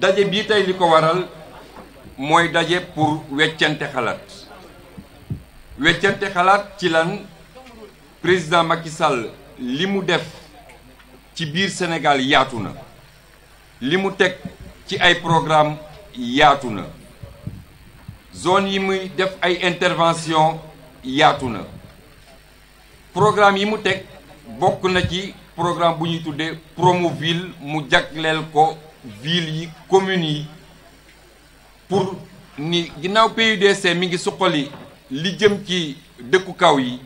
daje bi tay liko waral moy daje pour weccante xalat weccante xalat ci lan président Macky Sall tibir def ci biir Sénégal yatuna. na tek ci ay programme yatuna. zone yi muy def ay intervention yatuna. programme yi mu tek bokk na ci programme bu ñuy promo ville mu ko ville yi communes yi pour ni ginnaaw PUDC mi ngi suqali li jëm ci dëkku kaw yi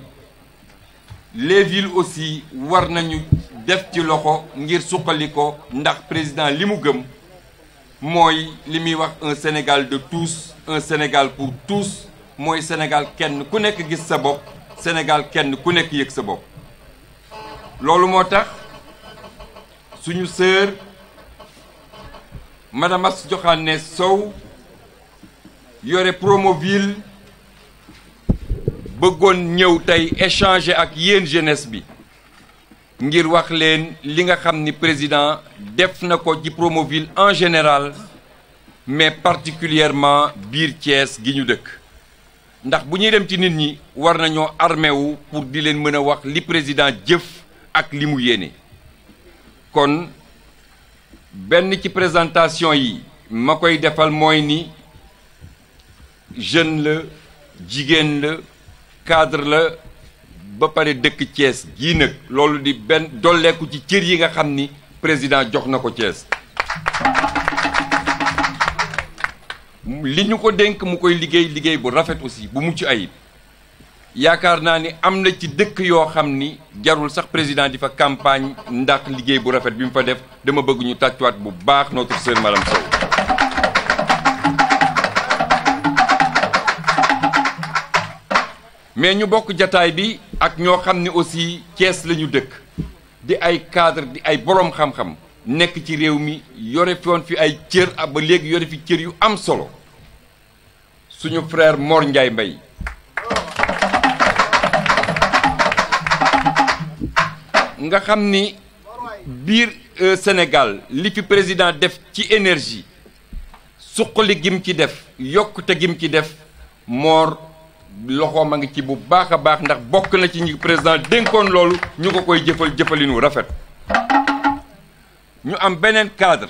les aussi war nañu def ci loxo ngir suqali ko ndax président li mu gëm mooy li muy wax un Sénégal de tous un Sénégal pour tous mooy Sénégal kenn ku nekk gis sa bopp Sénégal kenn ku nekk yëg sa bopp loolu moo tax suñu sœur madame As Joxane Sow yore Promoville bëggoon ñëw tey échanger ak yéen jeunesse bi ngir wax leen li nga xam président def na ci Promoville en général mais particulièrement biir Thiès gi ñu dëkk ndax bu dem ci nit ñi war nañoo armé wu pour di leen mën wax li président jëf ak li mu kon benn ci présentation yi ma defal mooy ni jeune la la cadre la ba pare dëkk Thiès gii nag loolu di benn dolleeku ci cër yi nga xam président yaakaar naa ni am na ci dëkk yoo xam ni jarul sax président di fa campagne ndax liggéey bu rafet bi mu fa def dama bëgg ñu tàccuwaat bu baax notre sœur madame Sow mais ñu bokk jataay bi ak ñoo xam ne aussi Thiès lañu dëkk di ay cadre di ay boroom xam-xam nekk ci réew mi yore foon fi ay cër ba léegi yore fi cër yu am solo suñu frère Mor Ndiaye Mbaye nga xam ni biir euh, senegal li fi président def ci énergie suqali gim ci def yokkute gim ci def moor loxoom a ngi ci bu baax a baax ndax bokk na ci ñi président dénkoon loolu ñu ko koy jëfal jëfalinu rafet ñu am beneen cadre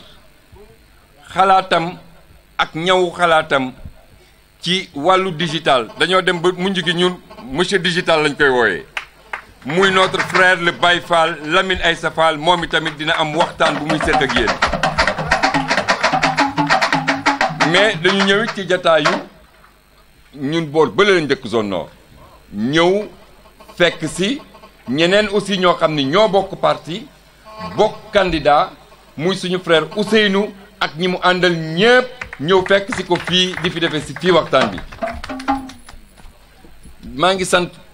xalaatam ak ñawu xalaatam ci wàllu digital dañoo dem ba mujj gi ñun monsieur digital lañ koy wooyee muy notre frère le bàyyi Fall Lamine ay Fall moom itamit dina am waxtaan bu muy seet ak yéen mais dañu ñëw ci jataayu ñun boor bële la njëkk zone ñëw fekk si ñeneen aussi ñoo xam ni ñoo bokk parti bokk candidat muy suñu frère Ousseynou ak ñi mu àndal ñépp ñëw fekk si ko fii di fi defee si fii waxtaan bi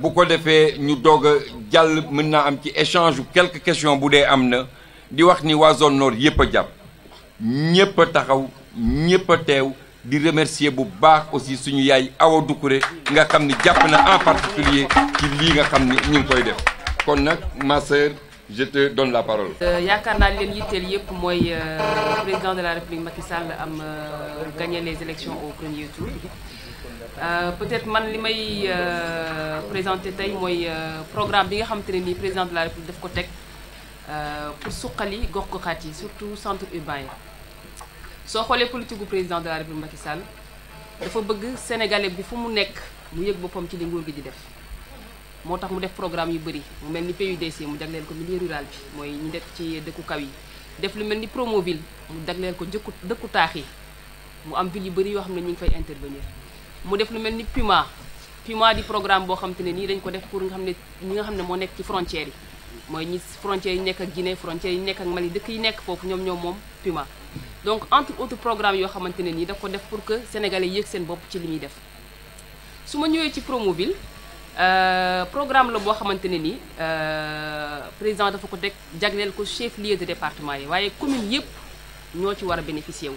Beaucoup de fait nous doog maintenant échange quelques questions boudé amna di wax ni wa zone nord taxaw di remercier bu baax aussi suñu yaay Awa nga en particulier nga ma sœur je te donne la parole. Euh, leen euh, président de la république euh, gagné les élections au premier tour. Euh, peut-être man li may euh, présenter tey mooy euh, programme bi nga xamante ne nii président de la République daf ko teg pour suqali gox goxaat yi surtout centre urbain yi soo xoolee politique gu président de la République Macky Sall dafa bëgg sénégalais bi fu mu nekk mu yëg boppam ci li nguur gi di def moo tax mu def programme yu bëri mu mel ni PUDC mu jagleel ko milieu rural bi mooy ñu nekk ci dëkku kaw yi def lu mel ni Promoville mu jagleel ko jëkku dëkku taax yi mu am yu bëri yoo xam ne ñu ngi fay intervenir mu def lu mel ni PUMA PUMA di programme boo xam ne nii dañ ko def pour nga xam ne ñi nga xam ne moo nekk ci frontières yi mooy ñi frontières yi nekk ak Guinée frontières yi nekk ak Mali dëkk yi nekk foofu ñoom ñoom moom PUMA donc entre autres programme yoo xamante ne nii daf ko def pour que sénégalais yéeg seen bopp ci li muy def su ma ñëwee ci Promoville euh, programme la boo xamante ne ni euh, président dafa ko teg jagleel ko chef lieu de département yi waaye commune yépp ñoo ci war a bénéficier wu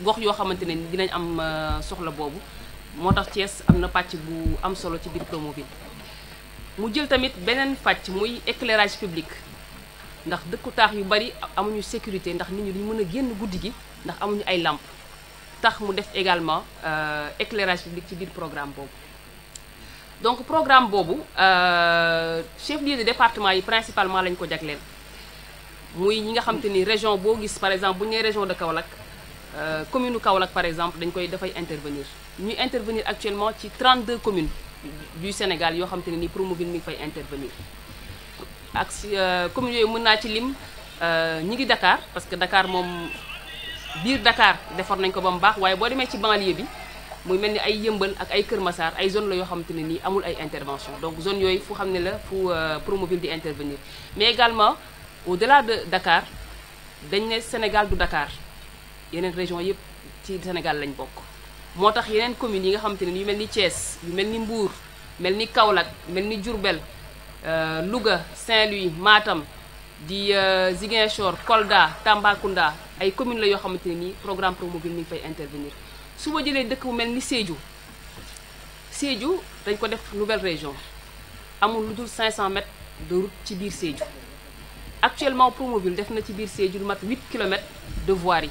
gox yo xamante dinañ am euh, soxla bobu motax tax Thiès am na bu am solo ci biir Promoville mu jël tamit benen patch muy éclairage public ndax dëkku tax yu bari amuñu sécurité ndax nit ñi duñu mëna a génn guddi gi ndax amuñu ay làmp tax mu def également euh, éclairage public ci biir programme boobu donc programme boobu euh, chef lieu de département yi principalement lañ ko jagleel muy ñi nga xam te ni région boo gis par exemple bu ñu région de Kaolack euh, commune u Kaolack par exemple dañ koy dafay intervenir ñu intervenir actuellement ci 32 communes du Sénégal yo xam ni ne mi fay intervenir ak si euh, communes yooyu mën naa ci lim euh, ñi ngi Dakar parce que Dakar moom biir Dakar defar nañ ko ba mu baax waaye boo demee ci banlieue bi muy mel ni ay Yëmbal ak ay Kër Massar ay zone la yoo xam ne nii amul ay intervention donc zone yooyu fu xam ne la fu Promovilles di intervenir mais également au delà de Dakar dañ ne Sénégal du Dakar yeneen région yëpp ci Sénégal lañ bokk moo tax yeneen communes yi nga xamante ne yu mel ni Thiès yu mel ni Mbour mel ni Kaolack mel ni Diourbel euh, Louga Saint-Louis Matam di euh, Ziguinchor Kolda Tambacounda ay communes la yoo xamante ne programme Promovilles mi ngi fay intervenir su ma jëlee dëkk bu mel ni Sédhiou dañ ko def nouvelle région amul lu dul 500 mètres de route ci biir actuellement Promovilles def na ci biir lu 8 kilomètres de voirie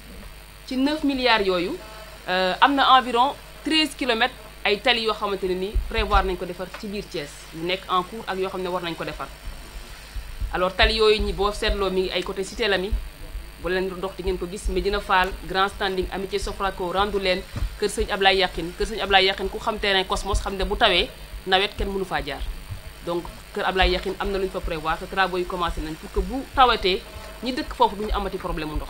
ci 9 milliards yooyu euh, am na environ 13 kilomètres ay tali yoo xamante ne ni prévoir nañ ko defar ci biir Thiès yu nekk en cours ak yoo xam ne war nañ ko defar alors tali yooyu ñi boo seetloo mi ngi ay côté Cité Lamy bu leen dox di ngeen ko gis Medina Fall Grand Standing Amitié Sofraco rendu leen Kër Sëñ Ablaye Yaqin Kër Sëñ Ablaye Yaqin ku xam terrain Cosmos xam ne bu tawee nawet kenn mënu faa jaar donc Kër Ablaye Yaqin am na lu ñu fa prévoir que travaux yi commencé nañ pour que bu tawatee ñi dëkk foofu duñu amati problème mu ndox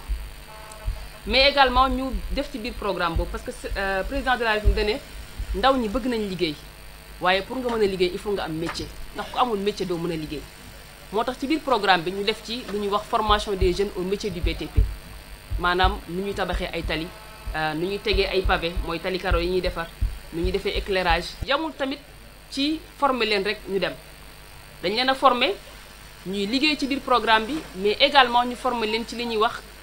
mais également ñu def ci biir programme boobu parce que euh, président de la République dane ndaw ñi bëgg nañ liggéey waaye pour nga mën a liggéey il faut nga am métier ndax ku amul métier doo mën a liggéey moo tax ci biir programme bi ñu def ci lu ñuy wax formation des jeunes au métier du BTP maanaam nu ñuy tabaxee ay tali euh, nu ñuy tegee ay pavé mooy tali karo yi ñuy defar nu ñuy defee éclairage yamul tamit ci former leen rek ñu dem dañ leen a former ñuy liggéey ci biir programme bi mais également ñu former leen ci li ñuy wax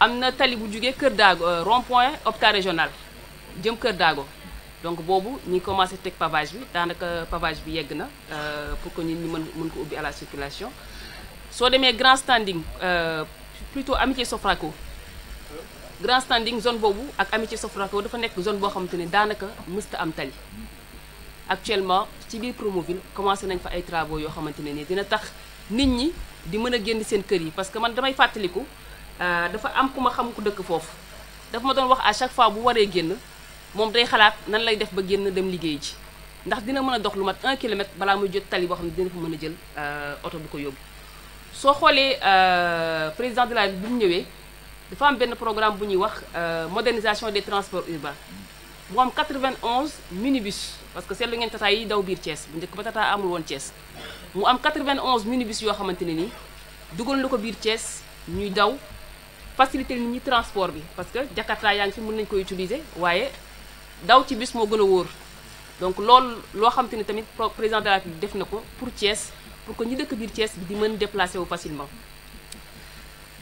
am na tali bu jugee Kër Daago euh, rond point hôpital régional jëm Kër Daago donc boobu ñu ngi commencé teg pavage bi daanaka pavage bi yegg na euh, pour que ñun ñu mën mën ko ubbi à la circulation soo demee grand standing euh, plutôt amitié Sofraco grand standing zone boobu ak amitié Sofraco dafa nekk zone boo xamante ne daanaka mësta am tali actuellement ci biir Promoville commencé nañ fa ay travaux yoo xamante ne ni dina tax nit ñi di mën a génn seen kër yi parce que man damay fàttaliku. Euh, dafa am ku ma xam ko dëkk foofu dafa ma doon wax à chaque fois bu waree génn moom day xalaat nan lay def ba génn dem liggéey ji ndax dina mën a dox lu mat 1 kilomètre balaa muy jot tali boo xam ne dina fa mën a jël euh, oto bi ko yóbbu. soo xoolee euh, président de la République bu mu ñëwee dafa am benn programme bu ñuy wax modernisation des transport urbains mu am 91 minibus parce que seetlu ngeen tata yi daw biir cees bu njëkk ba tata amul woon cees mu am 91 minibus yoo xamante ne ni dugal na ko biir Thiès ñuy daw. facilité nit ñi transport bi parce que Jakarta yaa ngi fi mën nañ ko utiliser waaye daw ci bis moo gën a wóor donc loolu loo xam ni tamit président de la République def na ko pour Thiès pour que ñi dëkk biir Thiès bi di mën déplacer wu facilement.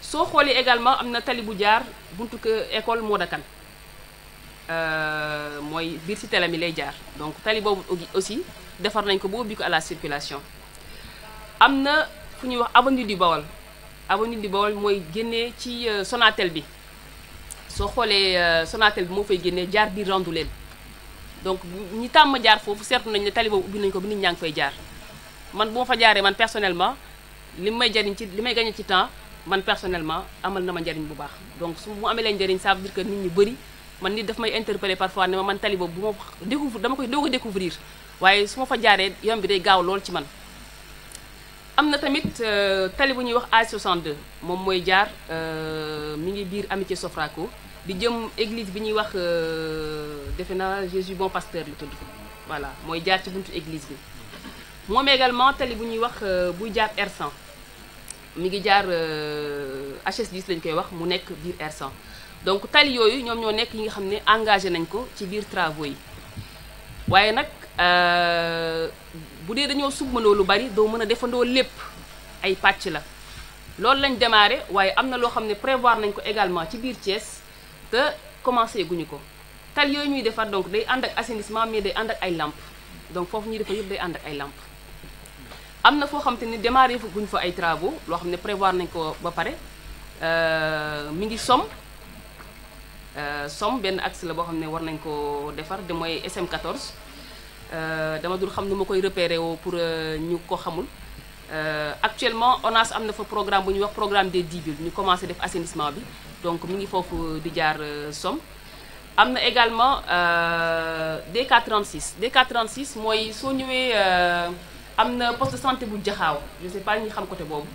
soo xoolee également am na tali bu jaar buntu kë école Modakan euh, mooy biir si télé mi lay jaar donc tali boobu aussi defar nañ ko ba ubbi à la circulation am na fu ñuy wax avenue du Bawal avenue du Baol moy génnee ci euh, Sonatel bi so xolé euh, Sonatel bi mo fay génnee jaar biir Randoulène donc ñi tam jaar fofu certu nañ ne tali boobu ubbi nañ ko bi nit ñaa fay jaar man bu ma fa jaaree man personnellement limay may jariñ ci limay gagné ci temps man personnellement amal na ma njariñ bu baax donc su mu amé leen njariñ ça veut dire que nit ñi bëri man nit daf may interpeller parfois ne ma man tali boobu bu ma découvre dama koy doog découvrir waaye su ma fa jaaree yom bi day gaaw lool ci man am na tamit euh, tali bu wax A62 moom mooy jaar euh, mi ngi biir amitié Sofraco di jëm église bi ñuy wax euh, defe Jésus bon pasteur lu tudd voilà mooy jaar ci buntu église bi moom également tali bu ñuy wax buy jaar R100 mi ngi jaar HS10 lañ koy wax mu nekk biir R100 donc tali yooyu ñoom ñoo nekk yi nga xam ne engagé nañ ko ci biir travaux yi waaye nag Euh, bu dee dañoo sumbanoo lu bari doo mën a defandoo lépp ay pàcc la loolu lañ démarré waaye am na loo xam ne prévoir nañ ko également ci biir Thiès te commencé guñu ko tal yooyu ñuy defar donc day ànd ak assainissement mais day ànd ak ay làmp donc foofu ñuy defar yëpp day ànd ak ay làmp am na foo xam te ni démarré fa guñ fa ay travaux loo xam ne prévoir nañ ko ba pare euh, mi ngi som euh, som benn axe la boo xam ne war nañ ko defar de mooy SM 14 Euh, dama dul xam nu ma koy repéré pour euh, ñu ko xamul euh, actuellement ONAS am na fa programme bu ñuy wax programme des 10 villes ñu commencé def assainissement bi donc mi ngi foofu di jaar Somme am na également DK36 DK36 mooy soo ñëwee am na poste santé bu jaxaaw je sais pas ñi xam côté boobu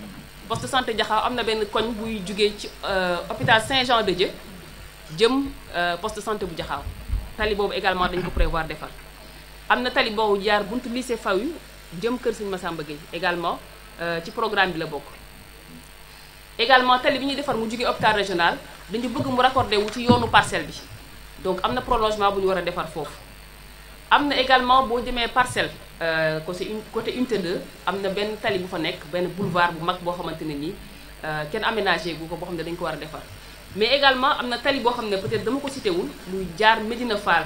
poste santé jaxaaw am na benn koñ buy jugee ci hôpital Saint-Jean-de-Dieu jëm poste santé bu jaxaaw tali boobu également dañ ko prévoir defar amna tali bo diar buntu lycée fawu yu jëm kër sëñ Massamba Gueye également euh, ci programme bi la bok également tali bi ñuy defar mu jógee hôpital régional dañu bëgg mu raccordé wu ci yoonu parcelle bi donc amna prolongement bu ñu war a defar également bo jëmé parcelle euh, côté côté unité 2 am na benn tali bu fa nek ben boulevard bu mag bo xamante ni euh ken aménagé gu ko boo xam ne ko wara défar mais également amna tali bo xam peut-être dama ko cité wul muy jaar medina Fall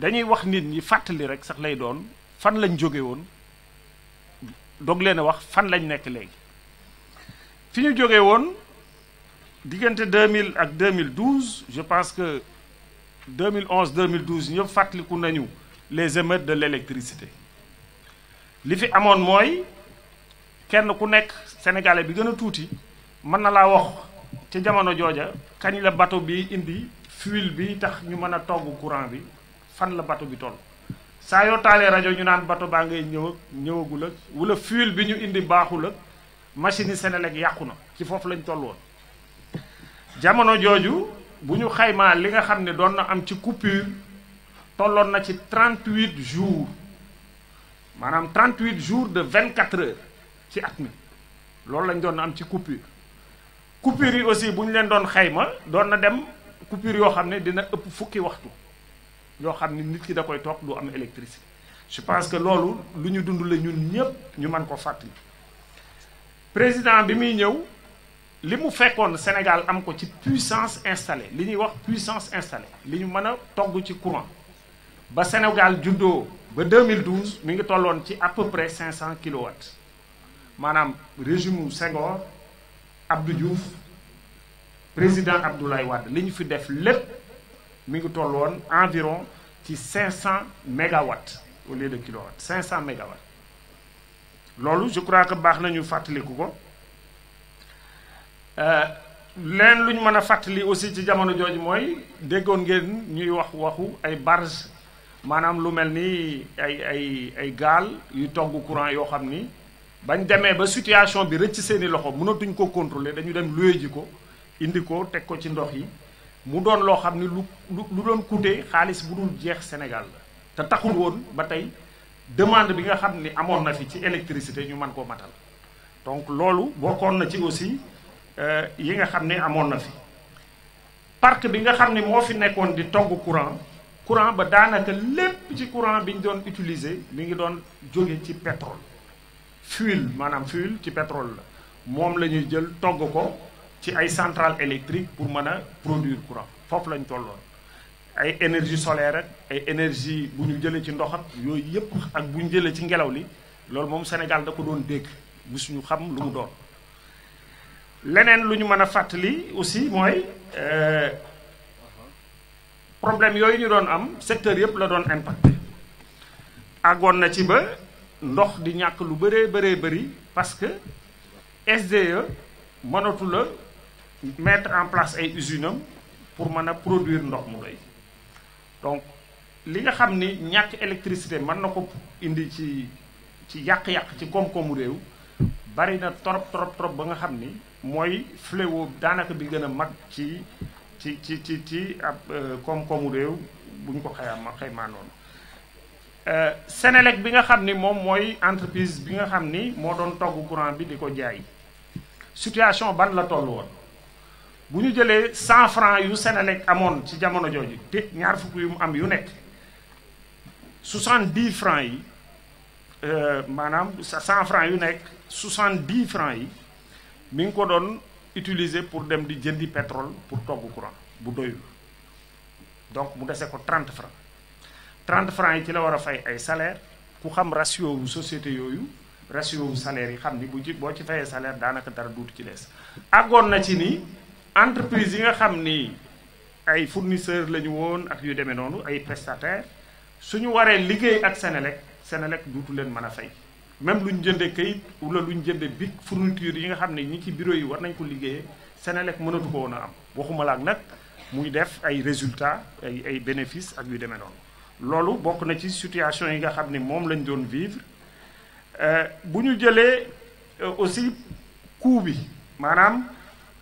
dañuy wax nit ñi fàttali rek sax lay doon fan lañ jóge woon doog leen a wax fan lañ nekk léegi fi ñu jóge woon diggante 2000 ak 2012 je pense que 2011 2012 ñëpp fàttaliku nañu les émeutes de l'électricité li fi amoon mooy kenn ku nekk sénégalais bi gën a tuuti mën na laa wax ca jamono jooja kañ la bateau bi indi fuel bi tax ñu mën a togg courant bi fan la bato bi toll saa yoo taalee rajo ñu naan bato baa ngay ñëw ñëwagul ak wala fuel bi ñu indi baaxula ak machine yi Senelec yàqu na ci foofu lañ toll jamono jooju bu ñu xaymaa li nga xam ne doon na am ci coupure tolloon na ci 38 jours maanaam 38 jours de vingt 24 heures ci at mi loolu lañ doon na am ci coupure. coupure yi aussi bu ñu leen doon xayma doon na dem coupure yoo xam ne dina ëpp fukki waxtu. yo xamni nit ki da koy toog du am électricité je pense que lolu luñu ñu dund la ñun ñëpp ñu man ko fàttali président bi mi ñëw limu mu Sénégal am ko ci puissance installée li wax puissance installée li ñu mën togg ci courant ba Sénégal juddoo ba 2012 mi ngi tollon ci à peu près 500 kilowatts manam régime Senghor Abdou Diouf président Abdoulaye Wade li fi def lépp environ 500 mégawatts au lieu de kilowatts 500 mégawatts je crois que bax nañu le ko Nous avons fait le fatali aussi ci jamono joji Nous avons ngeen ñuy wax waxu ay courant situation bi seeni loxo ko contrôler dañu dem mu doon loo xam ni lu lu doon coûter xaalis bu dul jeex Sénégal la te taxul woon ba tey demande bi nga xam ni amoon na fi ci électricité ñu mën ko matal donc loolu bokkoon na ci aussi euh, yi nga xam ni amoon na fi parc bi nga xam ni moo fi nekkoon di togg courant courant ba daanaka lépp ci courant bi ñu doon utiliser mi ngi doon jóge ci pétrole fuel maanaam fuel ci pétrole la moom la ñuy jël togg ko ci ay centrale électrique pour mën a produire courant foofu lañ tolloon ay énergie solaire ak ay énergie bu ñu jëlee ci ndox ak yooyu yëpp ak bu ñu jëlee ci ngelaw li loolu moom Sénégal da ko doon dégg musuñu xam lu mu doon leneen lu ñu mën a fàttali aussi mooy euh, problème yooyu ñu doon am secteur yëpp la doon impacté àggoon na ci ba ndox di ñàkk lu bëree bëree bëri parce que SDE mënatu la mettre en place ay usines am pour mën a produire ndox mu doy donc li nga xam ni ñàkk électricité mën na ko indi ci ci yàq-yàq ci koom-koomu réew bari na torop torop torop ba nga xam ni mooy fléau daanaka bi gën a mag ci ci ci ci ci ab euh, koom-koomu réew bu ñu ko xayma xaymaa noonu euh, Senelec bi nga xam ni moom mooy entreprise bi nga xam ni moo doon togg courant bi di ko jaay situation ban la toll woon bu ñu 100 francs yu amoon ci 70 francs yi 100 euh, francs yu 70 francs yi mi ngi pour dem di jëndi pétrole pour togg courant bu donc 30 francs 30 francs yi ci la war salaire ku xam ratio société ratio wu salaire yi xam ni ci salaire dara ci na ci entreprise yi nga xam ni ay fournisseurs la ñu woon ak yu demee noonu ay su ñu waree liggéey ak Senelec Senelec duutu leen mën a fay même lu ñu jëndee kayit wala lu ñu jëndee big fourniture yi nga xam ne ñi ci bureau yi war nañ ko liggéeyee Senelec mënatu ko woon a am waxumalaak ak nag muy def ay résultats ay ay bénéfices ak yu demee noonu. loolu bokk na ci situation yi nga xam ne moom lañ doon vivre euh, bu ñu jëlee euh, aussi coût bi maanaam.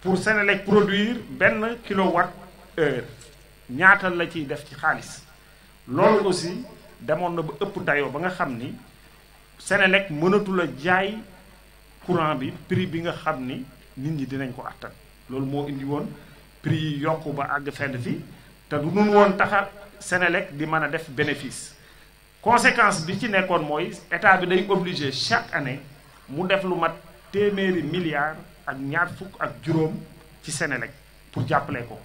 pour Senelec produire ben kilowatt heure ñaata la ci def ci xaalis loolu aussi demoon na ba ëpp dayoo ba nga xamni ni Senelec jaay courant bi prix bi nga xamni ni nit ñi dinañ ko attan loolu moo indi woon prix yi ba àgg fenn fi te du nun woon taxa di mën a def bénéfice conséquence bi ci nekkoon mooy état bi day obligé chaque année mu def lu mat téeméeri milliards ak ñaar fukk ak juróom ci Senelec pour jàppale ko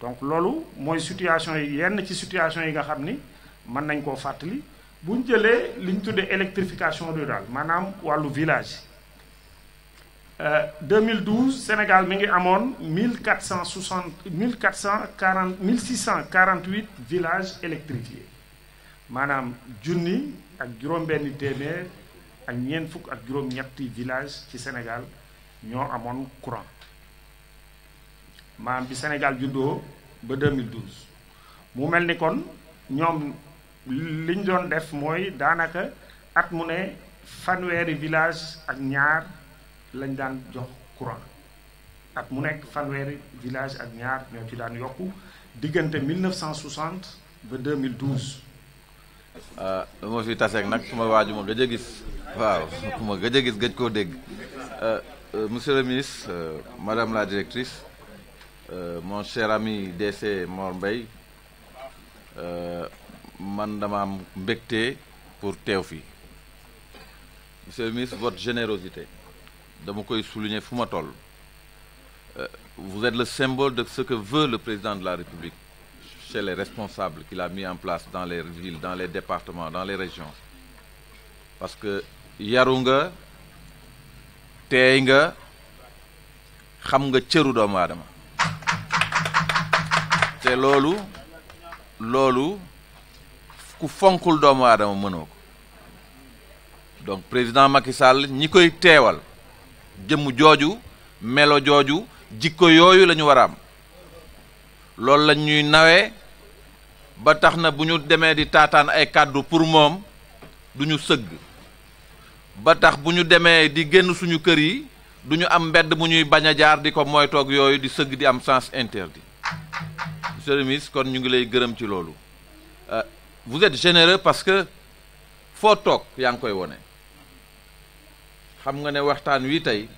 donc loolu mooy situation yi yenn ci situation yi nga xam ni mën nañ koo fàttali bu ñu jëlee li ñu électrification rurale maanaam wàllu village Euh, 2012 Sénégal mi ngi amoon 1460 1440 1648 villages électrifiés maanaam junni ak juróom-benni téeméer ak ñeent fukk ak juróom-ñetti village ci Sénégal ñoo amoon courant maam bi Sénégal juddoo ba 2012 mu mel ni kon ñoom liñ doon def mooy daanaka at mu ne fanweeri village ak ñaar lañ daan jox courant at mu nekk fanweeri village ak ñaar ñoo ci daan yokku diggante 1960 ba 2012. ah moo fi taseeg nag su ma waaju gëj a gis waaw gëj a gis gëj koo dégg. Ah, Euh, monsieur le ministre, euh, madame la directrice, euh, mon cher ami DC Morbey, Mandama dama pour Théofi. monsieur le ministre votre générosité je koy souligner vous êtes le symbole de ce que veut le président de la République chez les responsables qu'il a mis en place dans les villes dans les départements dans les régions parce que Yarunga. teey nga xam nga cëru doomu adama te loolu loolu ku fonkul doomu aadama mënoo ko donc président Macky Sall ñi koy teewal jëmm jooju melo jooju jikko yooyu lañu ñu war a am loolu la ñuy nawee ba tax na bu ñu demee di taataan ay kàddu pour moom du ñu sëgg ba tax bu ñu demee di génn suñu kër yi du ñu am mbedd mu ñuy bañ a jaar di ko moytoog yooyu di sëgg di am sens interdit monsieur le ministre kon ñu ngi lay gërëm ci loolu euh, vous êtes généreux parce que foo toog yaa ngi koy wone xam nga ne waxtaan wi tey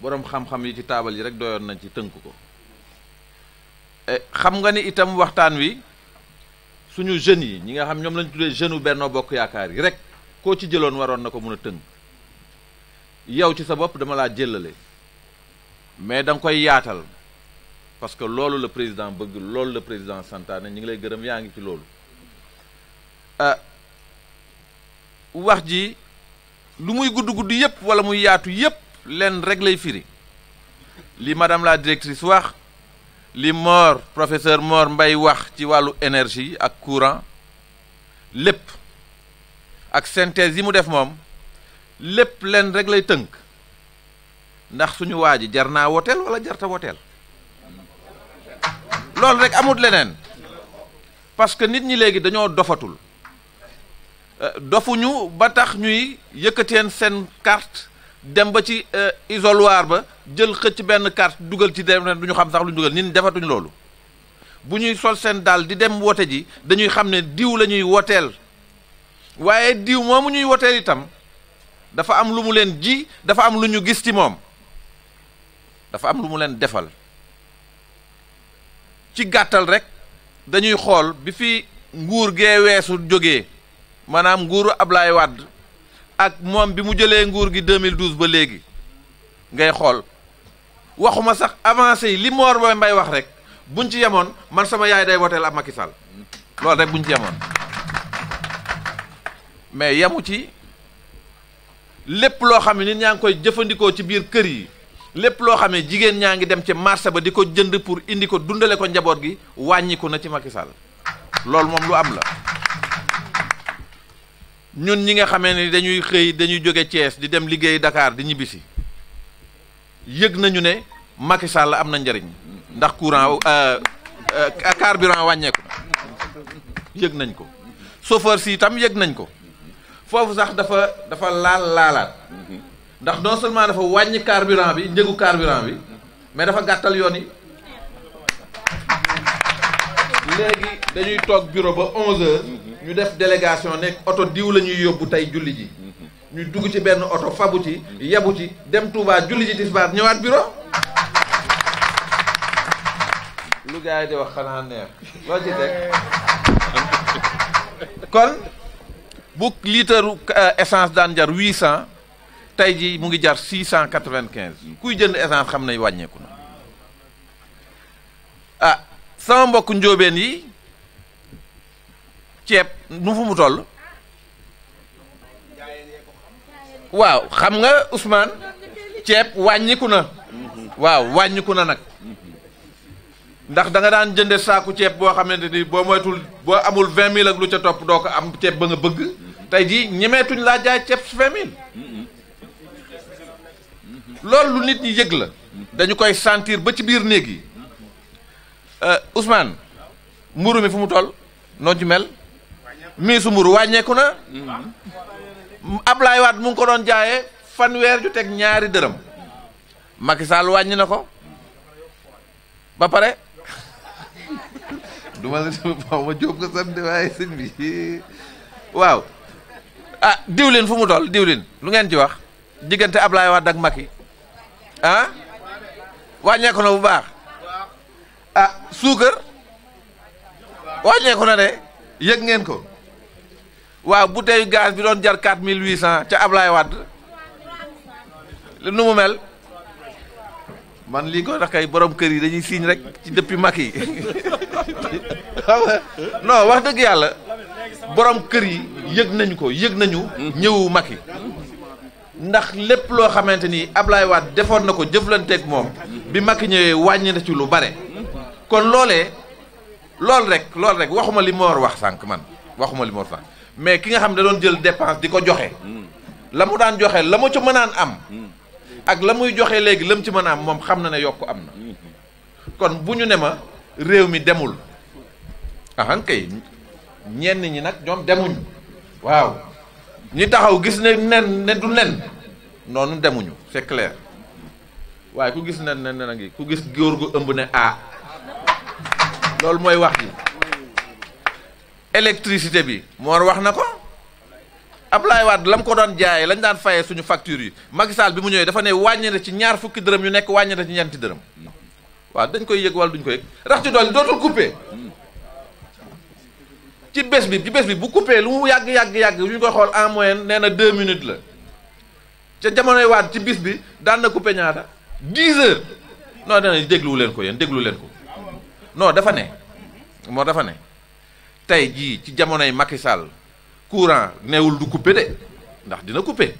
borom xam-xam yi ci taabal yi rek doyoon nañ ci tënk ko eh, xam nga ni itam waxtaan wi suñu jeunes yi ñi nga xam ñoom lañ tuddee jeune u Bokk Yaakaar yi rek koo ci jëloon waroon na ko mën a tënk yow ci sa bopp dama laa jëlale mais da koy yaatal parce que loolu la président bëgg loolu la président santaane ñu ngi lay gërëm yaa ngi ci loolu euh, wax ji lu muy gudd gudd yépp wala muy yaatu yépp leen rek lay firi li madame la directrice wax li Mor professeur Mor mbay wax ci wàllu énergie ak courant lépp ak synthèse yi mu def moom lépp leen rek lay tënk ndax suñu waa ji jar naa woteel walla jarta woteel loolu rek amut leneen parce que nit ñi léegi dañoo dofatul euh, dofuñu ba tax ñuy yëkkateen seen carte dem ba ci euh, isoloir ba jël xëcc benn carte dugal ci dem du ñu xam sax lu ñu dugal nit ñi defatuñ loolu bu ñuy sol seen daal di dem wote ji dañuy xam ne diw la ñuy woteel waaye diw moomu ñuy woteel itam dafa am lu mu leen ji dafa am lu ñu gis ci moom dafa am lu mu leen defal ci gàttal rek dañuy xool bi fi nguur gee weesu jóge maanaam nguuru Ablaye wàdd ak moom bi mu jëlee nguur gi 2012 ba léegi ngay xool waxuma sax avancé yi li Mor mbay wax rek buñ ci yemoon man sama yaay day woteel ab Macky Sall loolu rek buñ ci yemoon. mais yemu ci lépp loo xam ne nit ñaa ngi koy jëfandikoo ci biir kër yi lépp loo xam ne jigéen ñaa ngi dem ci marché ba di ko jënd pour indi ko dundale ko njaboot gi wàññiku na ci Macky Sall loolu moom lu am la ñun ñi nga xamee ni dañuy xëy dañuy jóge Thiès di dem liggéey Dakar di ñibbisi yëg nañu ne Macky am na njariñ ndax courant euh, euh, carburant wàññeeku na yëg nañ ko chauffeur si itam yëg nañ ko Faut sax dafa dafa non seulement dafa wàññi carburant bi carburant bi mais dafa gàttal yoon yi dañuy toog bureau ba 11 heures ñu def délégation nekk oto diw la ñuy yóbbu julli ji ñu dugg ci benn dem Touba julli ji ñëwaat bureau lu wax neex ci bu litre essence daan jar huit cent tey ji mu ngi jar six cent quatre vingt quinze kuy jënd essence xam nañ wàññeeku na ah sama mbokk njóobeen yi ceeb nu fu mu toll waaw xam nga usmaan ceeb wàññiku na waaw wàññiku na nag ndax da daan jënde saaku ceeb boo xamante ni boo moytul boo amul vingt mille ak lu ca topp doo ko am ceeb ba nga bëgg tey jii ñemeetuñ laa jaay ceeb su vingt mille lu nit ñi yëg la dañu koy sentir ba ci biir néegi usmaan euh, Ousmane mburu mi fu mu toll noo ci mel mii su mburu wàññeeku na Ablaye Wade mu ngi ko doon jaayee fanweer ju teg ñaari dërëm Macky Sall wàññi na ko ba pare duma la ma jóob ko sant waaye sëñ bi waaw ah diwlin fu mu dool diwlin lu ngeen ji wax diggante Ablaye Wade ak Macky ah wàññeeku na bu baax ah suukar wàññeeku na de yëg ngeen ko waaw bouteille gaz bi doon jar quatre mille huit cent ca Ablaye Wade nu mu mel man lii ko tax kay borom kër yi dañuy siiñ rek ci dëppi Macky yi non wax dëgg yàlla. boroom kër yi yëg nañu ko yëg nañu. ñëwu Macky ndax lépp loo xamante ni Ablaye Wade defoon na ko jëflanteeg moom bi Macky ñëwee wàññi na ci lu bare. kon loolee loolu rek lool rek waxuma li moor wax sànq man waxuma li moor sànq mais ki nga xam da doon jël dépense di ko joxe. la mu daan joxe la mu ci mënaan am. ak la muy joxe léegi la mu ci mën a am moom xam na ne yokk am na kon bu ñu ne ma réew mi demul ahan ñen ñi nak ñom demuñ waaw ñi taxaw gis ne nen ne du nen nonu demuñu c'est clair waay ku gis nen nen a ngi ku gis gor gu ëmb ne a loolu moy wax yi électricité bi moor wax nako ablay wad lam ko don jaay lañ dan fayé suñu facture yi Macky Sall bi mu ñëwé dafa ne wañé na ci ñaar fukki dërëm yu nekk wañé na ci ñenti dërëm waaw dañ koy yegg wal duñ ko yegg rax ci dool dootul couper ci bés bi ci bés bi bu coupé lu mu yàgg yàgg yàgg ñu koy xool en moyenne nee na deux minutes la ca jamonoy waat ci bis bi daan na coupé ñaata dix heures non nee na dégluwu leen ko yéen déglu leen ko non dafa ne moo dafa ne tey jii ci jamonoy Macky Sall courant neewul du coupé de ndax dina coupé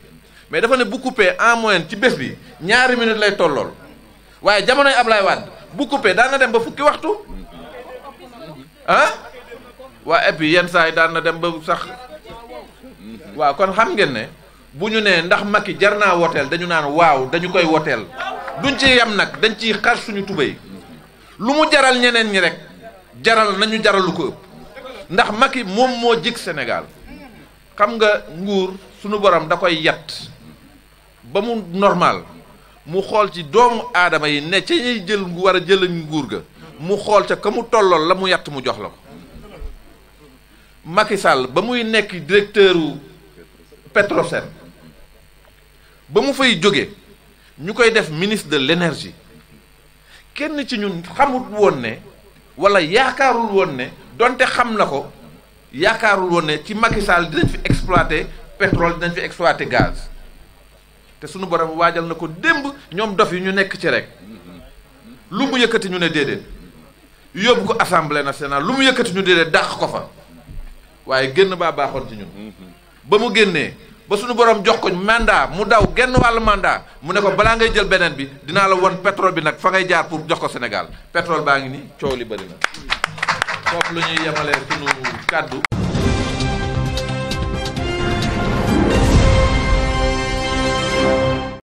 mais dafa ne bu coupé en moyenne ci bés bi ñaari minutes lay tollool waaye jamonoy Ablaye Wade bu coupé daan na dem ba fukki waxtu ah. waa et puis yenn saa yi daan na dem ba sax waaw kon xam ngeen ne bu ñu nee ndax Macky jar naa woteel dañu naan waaw dañu koy woteel duñ ci yem nag dañ ci xar suñu tubéy lu mu jaral ñeneen ñi rek jaral nañu jaralu ko ëpp ndax Macky moom moo jig Sénégal xam nga nguur suñu borom da koy yat ba mu normal mu xool ci doomu aadama yi ne ca ñuy jël war a jël nguur ga mu xool ca ka mu tollool la mu yatt mu jox la ko Macky Sall ba muy nekk directeur Petrosen ba mu fay jóge ñu koy def ministre de l'énergie kenn ci ñun xamut woon ne wala yaakaarul woon ne donte xam na ko yaakaarul woon ne ci Macky Sall dinañ fi exploiter pétrole dañ fi exploité gaz te sunu borom waajal na ko démb ñoom dof yi ñu nekk ci rek lu mu yëkkati ñu ne déedéet yóbbu ko assemblée nationale lu mu yëkkati ñu déedéet dàq ko fa. waaye génn baa baaxoon ci ñun ba mu génnee ba suñu borom jox ko mandat mu daw genn wàllu mandat mu ne ko balaa ngay jël beneen bi dinaa la won pétrole bi nag fa ngay jaar pour jox ko Sénégal pétrole baa ngi nii coow li bëri na foofu lu ñuy yemalee sunu kàddu